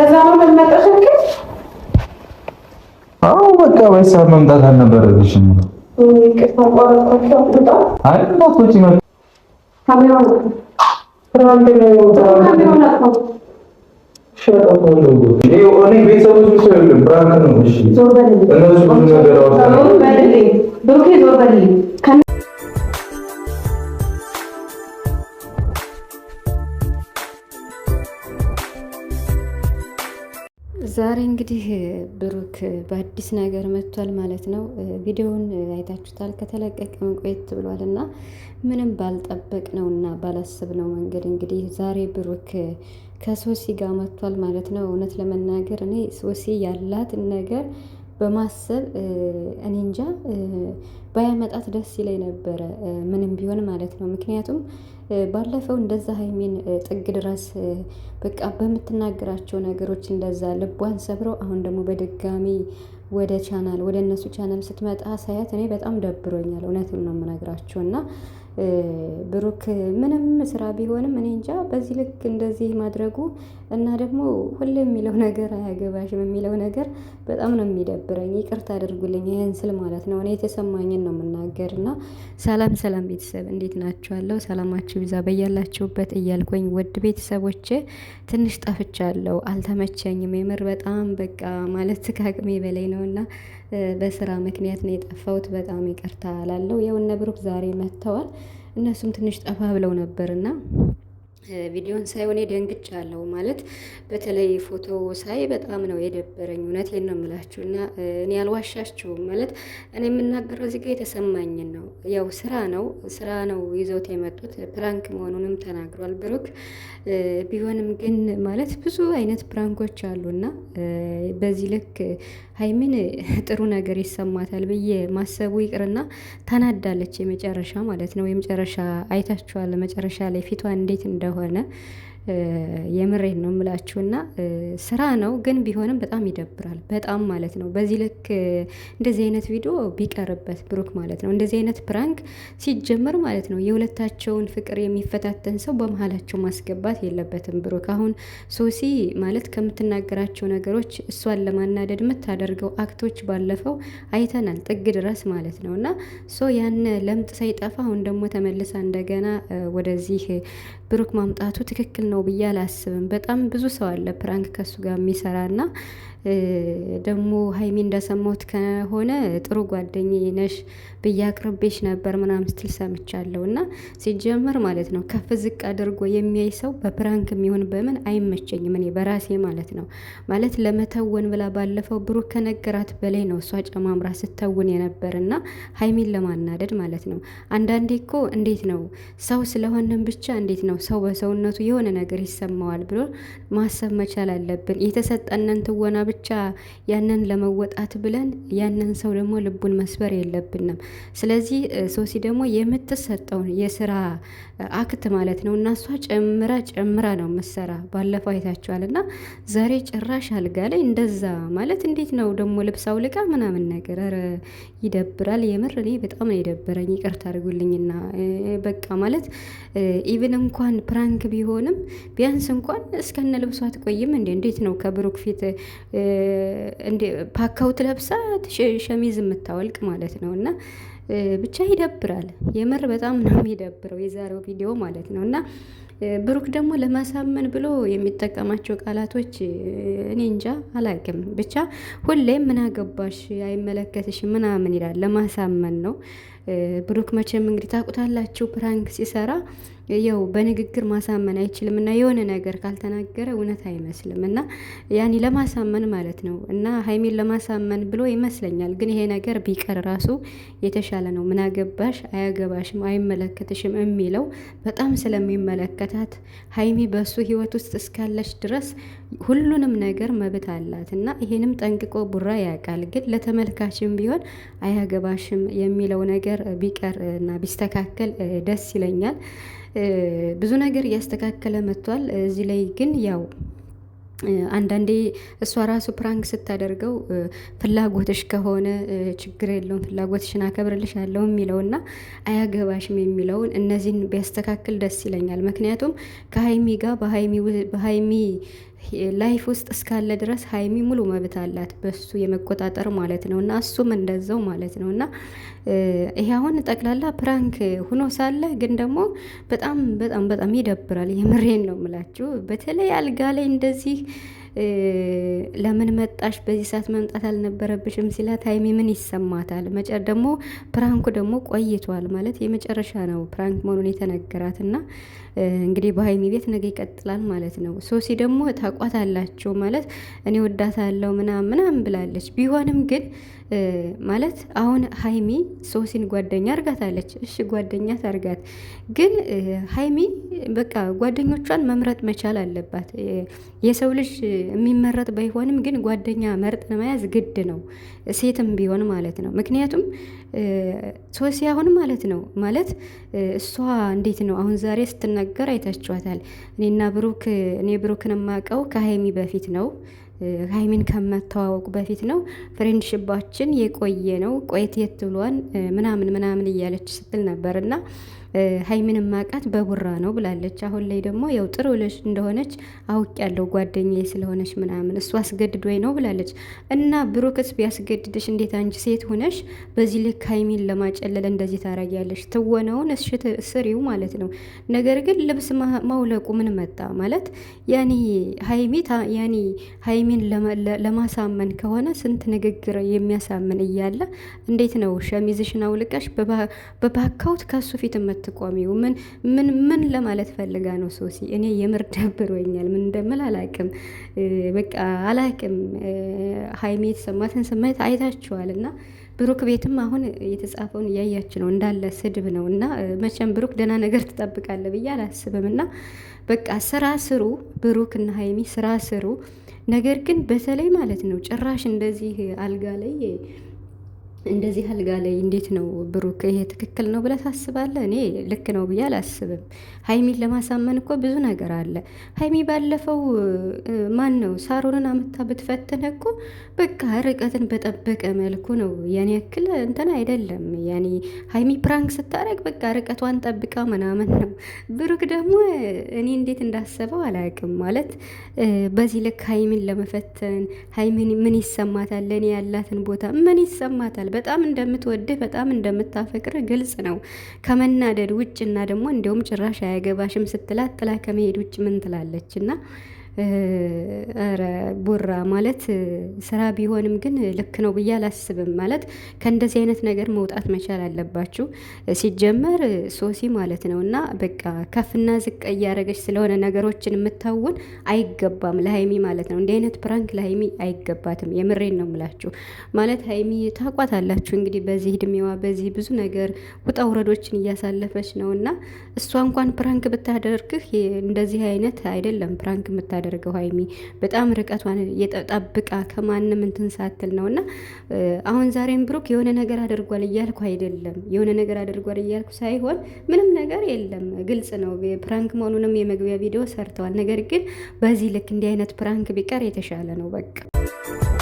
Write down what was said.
ከዛ ነው መልመጣሽ ልክ አዎ በቃ ወይስ መምጣት አልነበረብሽም። ቤተሰቦች ዛሬ እንግዲህ ብሩክ በአዲስ ነገር መጥቷል ማለት ነው። ቪዲዮውን አይታችሁታል። ከተለቀቀ ቆየት ብሏል እና ምንም ባልጠበቅ ነው እና ባላስብ ነው መንገድ እንግዲህ ዛሬ ብሩክ ከሶሲ ጋር መጥቷል ማለት ነው። እውነት ለመናገር እኔ ሶሲ ያላትን ነገር በማሰብ እኔ እንጃ ባያመጣት ደስ ይለኝ ነበረ፣ ምንም ቢሆን ማለት ነው። ምክንያቱም ባለፈው እንደዛ ሀይሜን ጥግ ድረስ በቃ በምትናገራቸው ነገሮች እንደዛ ልቧን ሰብረው፣ አሁን ደግሞ በድጋሚ ወደ ቻናል ወደ እነሱ ቻናል ስትመጣ ሳያት እኔ በጣም ደብሮኛል። እውነትም ነው የምነግራቸው እና ብሩክ ምንም ስራ ቢሆንም እኔ እንጃ በዚህ ልክ እንደዚህ ማድረጉ እና ደግሞ ሁሌ የሚለው ነገር አያገባሽም የሚለው ነገር በጣም ነው የሚደብረኝ። ይቅርታ አድርጉልኝ ይህን ስል ማለት ነው። እኔ የተሰማኝን ነው የምናገር እና ሰላም ሰላም ቤተሰብ እንዴት ናችኋለሁ? ሰላማችሁ ይብዛ በያላችሁበት እያልኩኝ ወድ ቤተሰቦች ትንሽ ጠፍቻለሁ። አልተመቸኝም የምር በጣም በቃ ማለት ከአቅሜ በላይ ነው እና በስራ ምክንያት ነው የጠፋሁት። በጣም ይቅርታ አላለው። የውነ ብሩክ ዛሬ መጥተዋል። እነሱም ትንሽ ጠፋ ብለው ነበርና ቪዲዮን ሳይ ደንግጭ አለው ማለት በተለይ ፎቶ ሳይ በጣም ነው የደበረኝ። እውነቴን ነው የምላችሁ እና እኔ አልዋሻችሁም። ማለት እኔ የምናገረው እዚህ ጋር የተሰማኝን ነው። ያው ስራ ነው ስራ ነው ይዘውት የመጡት ፕራንክ መሆኑንም ተናግሯል ብሩክ። ቢሆንም ግን ማለት ብዙ አይነት ፕራንኮች አሉና በዚህ ልክ ሀይሚን ጥሩ ነገር ይሰማታል ብዬ ማሰቡ ይቅርና ታናዳለች። የመጨረሻ ማለት ነው የመጨረሻ አይታችኋል። መጨረሻ ላይ ፊቷ እንዴት እንደ ስለሆነ የምሬን ነው የምላችሁና ስራ ነው ግን ቢሆንም በጣም ይደብራል። በጣም ማለት ነው። በዚህ ልክ እንደዚህ አይነት ቪዲዮ ቢቀርበት ብሩክ ማለት ነው። እንደዚህ አይነት ፕራንክ ሲጀመር ማለት ነው የሁለታቸውን ፍቅር የሚፈታተን ሰው በመሀላቸው ማስገባት የለበትም። ብሩክ አሁን ሶሲ ማለት ከምትናገራቸው ነገሮች እሷን ለማናደድ የምታደርገው አክቶች ባለፈው አይተናል፣ ጥግ ድረስ ማለት ነው እና ሶ ያን ለምጥ ሳይጠፋ አሁን ደግሞ ተመልሳ እንደገና ወደዚህ ብሩክ ማምጣቱ ትክክል ነው ብዬ አላስብም። በጣም ብዙ ሰው አለ ፕራንክ ከሱ ጋር እና ደግሞ ሀይሚ እንደሰማሁት ከሆነ ጥሩ ጓደኛዬ ነሽ ብዬ አቅርቤሽ ነበር ምናምን ስትል ሰምቻለሁ። እና ሲጀመር ማለት ነው ከፍ ዝቅ አድርጎ የሚያይ ሰው በፕራንክ የሚሆን በምን አይመቸኝም፣ እኔ በራሴ ማለት ነው። ማለት ለመተወን ብላ ባለፈው ብሩክ ከነገራት በላይ ነው እሷ ጨማምራ ስተውን የነበር እና ሀይሚን ለማናደድ ማለት ነው። አንዳንዴ እኮ እንዴት ነው ሰው ስለሆንም ብቻ እንዴት ነው ሰው በሰውነቱ የሆነ ነገር ይሰማዋል ብሎ ማሰብ መቻል አለብን። የተሰጠነን ትወና ብቻ ያንን ለመወጣት ብለን ያንን ሰው ደግሞ ልቡን መስበር የለብንም። ስለዚህ ሶሲ ደግሞ የምትሰጠውን የስራ አክት ማለት ነው እና እሷ ጨምራ ጨምራ ነው ምሰራ። ባለፈው አይታችኋል እና ዛሬ ጭራሽ አልጋ ላይ እንደዛ ማለት እንዴት ነው ደግሞ ልብስ አውልቃ ምናምን ነገር ኧረ ይደብራል። የምር እኔ በጣም ነው የደበረኝ። ይቅርታ አድርጉልኝና በቃ ማለት ኢቭን እንኳን እንኳን ፕራንክ ቢሆንም ቢያንስ እንኳን እስከነ ልብሷ አትቆይም እንዴ? እንዴት ነው ከብሩክ ፊት ፓካውት ለብሳ ሸሚዝ የምታወልቅ ማለት ነው እና ብቻ ይደብራል። የምር በጣም ነው የሚደብረው የዛሬው ቪዲዮ ማለት ነው። እና ብሩክ ደግሞ ለማሳመን ብሎ የሚጠቀማቸው ቃላቶች እኔ እንጃ አላቅም። ብቻ ሁሌም ምን አገባሽ አይመለከትሽ ምናምን ይላል። ለማሳመን ነው ብሩክ መቼም እንግዲህ ታውቁታላችሁ፣ ፕራንክ ሲሰራ ያው በንግግር ማሳመን አይችልም እና የሆነ ነገር ካልተናገረ እውነት አይመስልም እና ያኔ ለማሳመን ማለት ነው እና ሀይሜን ለማሳመን ብሎ ይመስለኛል። ግን ይሄ ነገር ቢቀር ራሱ የተሻለ ነው። ምናገባሽ አያገባሽም፣ አይመለከትሽም የሚለው በጣም ስለሚመለከታት ሀይሜ በእሱ ህይወት ውስጥ እስካለች ድረስ ሁሉንም ነገር መብት አላት እና ይሄንም ጠንቅቆ ቡራ ያውቃል። ግን ለተመልካችም ቢሆን አያገባሽም የሚለው ነገር ቢቀር እና ቢስተካከል ደስ ይለኛል። ብዙ ነገር እያስተካከለ መጥቷል። እዚህ ላይ ግን ያው አንዳንዴ እሷ ራሱ ፕራንክ ስታደርገው ፍላጎትሽ ከሆነ ችግር የለውም ፍላጎትሽን አከብርልሽ አለው የሚለውና አያገባሽም የሚለውን እነዚህን ቢያስተካክል ደስ ይለኛል። ምክንያቱም ከሀይሚ ጋር በሀይሚ ላይፍ ውስጥ እስካለ ድረስ ሀይሚ ሙሉ መብት አላት በሱ የመቆጣጠር ማለት ነው። እና እሱም እንደዛው ማለት ነው። እና ይሄ አሁን ጠቅላላ ፕራንክ ሁኖ ሳለ ግን ደግሞ በጣም በጣም በጣም ይደብራል። የምሬን ነው የምላችሁ። በተለይ አልጋ ላይ እንደዚህ ለምን መጣሽ? በዚህ ሰዓት መምጣት አልነበረብሽም ሲላት ሀይሚ ምን ይሰማታል? መጨር ደግሞ ፕራንኩ ደግሞ ቆይቷል ማለት የመጨረሻ ነው ፕራንክ መሆኑን የተነገራት እና እንግዲህ በሀይሚ ቤት ነገ ይቀጥላል ማለት ነው። ሶሲ ደግሞ ታቋት አላቸው ማለት እኔ ወዳታለሁ ምናምን ምናም ብላለች ቢሆንም ግን ማለት አሁን ሀይሚ ሶሲን ጓደኛ አርጋታለች። እሺ ጓደኛ ታርጋት፣ ግን ሀይሚ በቃ ጓደኞቿን መምረጥ መቻል አለባት። የሰው ልጅ የሚመረጥ ባይሆንም ግን ጓደኛ መርጥ መያዝ ግድ ነው፣ ሴትም ቢሆን ማለት ነው። ምክንያቱም ሶሲ አሁን ማለት ነው ማለት እሷ እንዴት ነው አሁን ዛሬ ስትናገር አይታችኋታል። እኔና ብሩክ እኔ ብሩክን የማውቀው ከሀይሚ በፊት ነው ሀይሚን ከመተዋወቁ በፊት ነው። ፍሬንድሽባችን የቆየ ነው ቆየት የት ብሏን ምናምን ምናምን እያለች ስትል ነበር እና ሀይሚን ማቃት በቡራ ነው ብላለች። አሁን ላይ ደግሞ ያው ጥሩ ልጅ እንደሆነች አውቅ ያለው ጓደኛዬ ስለሆነች ምናምን እሱ አስገድዶኝ ነው ብላለች። እና ብሩክስ ቢያስገድድሽ እንዴት አንቺ ሴት ሆነሽ በዚህ ልክ ሀይሚን ለማጨለል እንደዚህ ታረጊያለሽ? ትወናውን እሽት ስሪው ማለት ነው። ነገር ግን ልብስ ማውለቁ ምን መጣ ማለት ያኒ ሀይሚን ለማሳመን ከሆነ ስንት ንግግር የሚያሳምን እያለ እንዴት ነው ሸሚዝሽን አውልቀሽ በባካውት ከሱ ፊት የምትቆሚው? ምን ምን ምን ለማለት ፈልጋ ነው ሶሲ? እኔ የምር ደብሮኛል። ምን እንደምል አላቅም። በቃ አላቅም። ሀይሜ የተሰማትን ስሜት አይታችኋል እና ብሩክ ቤትም አሁን የተጻፈውን እያያች ነው። እንዳለ ስድብ ነው እና መቼም ብሩክ ደህና ነገር ትጠብቃለ ብዬ አላስብም። እና በቃ ስራ ስሩ፣ ብሩክ እና ሀይሚ ስራ ስሩ። ነገር ግን በተለይ ማለት ነው ጭራሽ እንደዚህ አልጋ ላይ እንደዚህ አልጋ ላይ እንዴት ነው ብሩክ፣ ይሄ ትክክል ነው ብለህ ታስባለህ? እኔ ልክ ነው ብዬ አላስብም። ሀይሚን ለማሳመን እኮ ብዙ ነገር አለ። ሀይሚ ባለፈው ማን ነው ሳሮንን አመታ ብትፈትን እኮ በቃ ርቀትን በጠበቀ መልኩ ነው። የኔ ያክል እንትን አይደለም። ያኔ ሀይሚ ፕራንክ ስታደርግ በቃ ርቀቷን ጠብቃ ምናምን ነው። ብሩክ ደግሞ እኔ እንዴት እንዳሰበው አላውቅም። ማለት በዚህ ልክ ሀይሚን ለመፈተን ሀይሚን ምን ይሰማታል፣ ለእኔ ያላትን ቦታ ምን ይሰማታል በጣም እንደምትወድህ በጣም እንደምታፈቅር ግልጽ ነው። ከመናደድ ውጭ እና ደግሞ እንዲሁም ጭራሽ አያገባሽም ስትላት ጥላ ከመሄድ ውጭ ምን ትላለች እና ኧረ ቡራ ማለት ስራ ቢሆንም ግን ልክ ነው ብዬ አላስብም። ማለት ከእንደዚህ አይነት ነገር መውጣት መቻል አለባችሁ። ሲጀመር ሶሲ ማለት ነው እና በቃ ከፍና ዝቅ እያደረገች ስለሆነ ነገሮችን የምታውን አይገባም ለሀይሚ ማለት ነው። እንዲህ አይነት ፕራንክ ለሀይሚ አይገባትም። የምሬን ነው የምላችሁ። ማለት ሀይሚ ታቋት አላችሁ እንግዲህ በዚህ እድሜዋ በዚህ ብዙ ነገር ውጣ ውረዶችን እያሳለፈች ነው እና እሷ እንኳን ፕራንክ ብታደርግህ እንደዚህ አይነት አይደለም ፕራንክ የምታደርገው ሀይሚ በጣም ርቀቷን የጠብቃ ከማንም እንትን ሳትል ነው። እና አሁን ዛሬም ብሩክ የሆነ ነገር አድርጓል እያልኩ አይደለም፣ የሆነ ነገር አድርጓል እያልኩ ሳይሆን ምንም ነገር የለም፣ ግልጽ ነው። ፕራንክ መሆኑንም የመግቢያ ቪዲዮ ሰርተዋል። ነገር ግን በዚህ ልክ እንዲህ አይነት ፕራንክ ቢቀር የተሻለ ነው በቃ